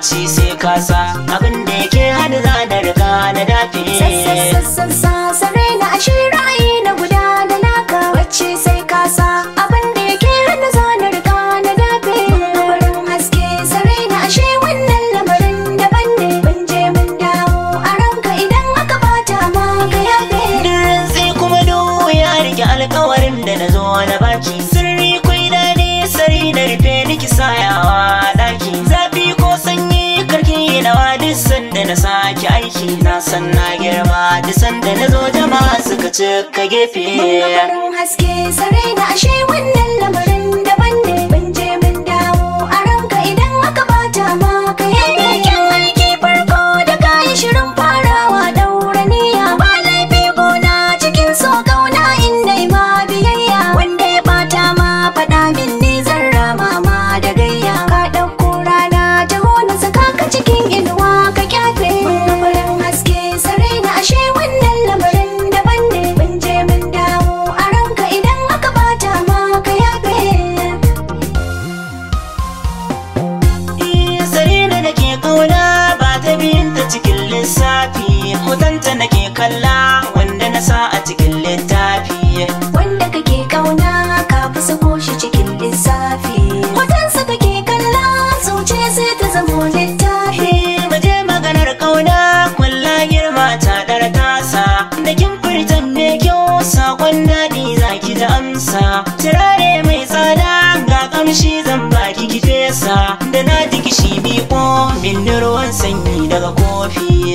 bacci sai kasa abin da yake hana za na dafe sassan sassan na ashe ra'ayi na guda da naka bacci sai kasa abin da yake hana za da riga na dafe lamarin haske sare na ashe wannan lamarin daban ne mun je mun dawo a ranka idan aka bata ma ka yafe duk sai kuma do ya rike alkawarin da na zo na baki na san na girma da sanda na zo jama suka cika gefe haske sarai na ashe wannan lamarin min ruwan sanyi daga kofi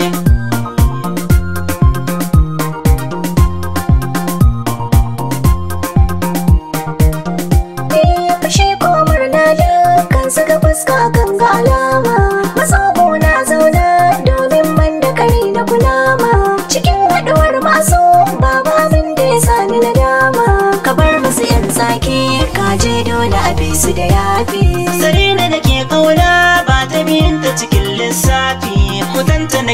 Fashe eh, komar na dukkan su fuska kan galama Masobo na zauna domin man da kare na kulama Cikin haɗuwar maso babu da ya sani na dama kabar bar musu yan zaki kaje dole a su da yafi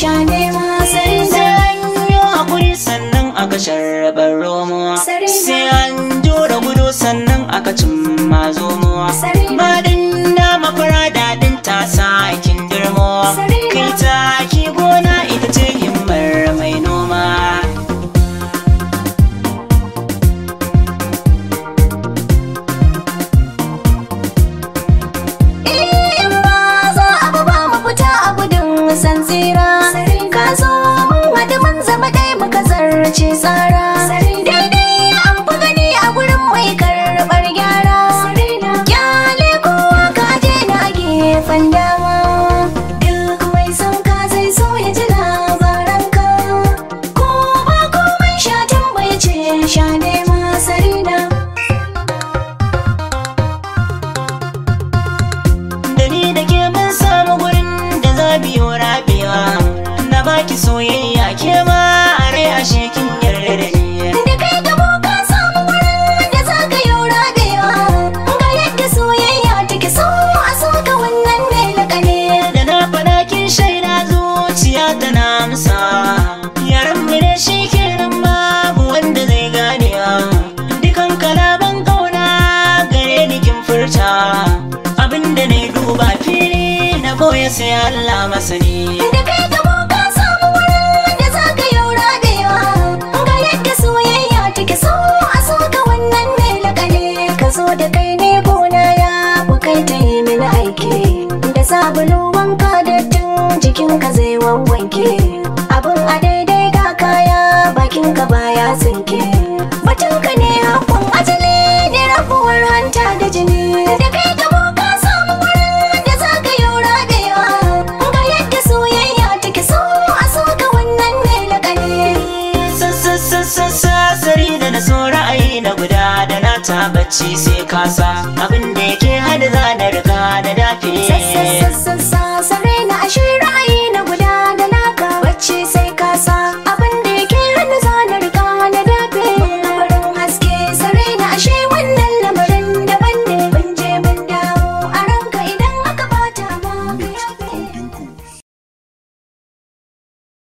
sha nema sai zan yi sannan a kashar Ki soyayya ke ma are a shekin yarda da ni da kai da mu ka samu wurin da za ka yaura da yawa ga yadda soyayya take so a so ka wannan ne lakane da na fada kin shaida zuciya ta na amsa yaran mu ne shi babu wanda zai gane dukan kalaban kauna gare ni kin furta abinda ne duba fili na ya sai Allah masani so da kai ne gona ya kai ta yi mini aiki da sabulu wanka da tun jikinka zai wanwanke abin a daidai ga kaya bakinka lokaci sai kasa abin da yake hada za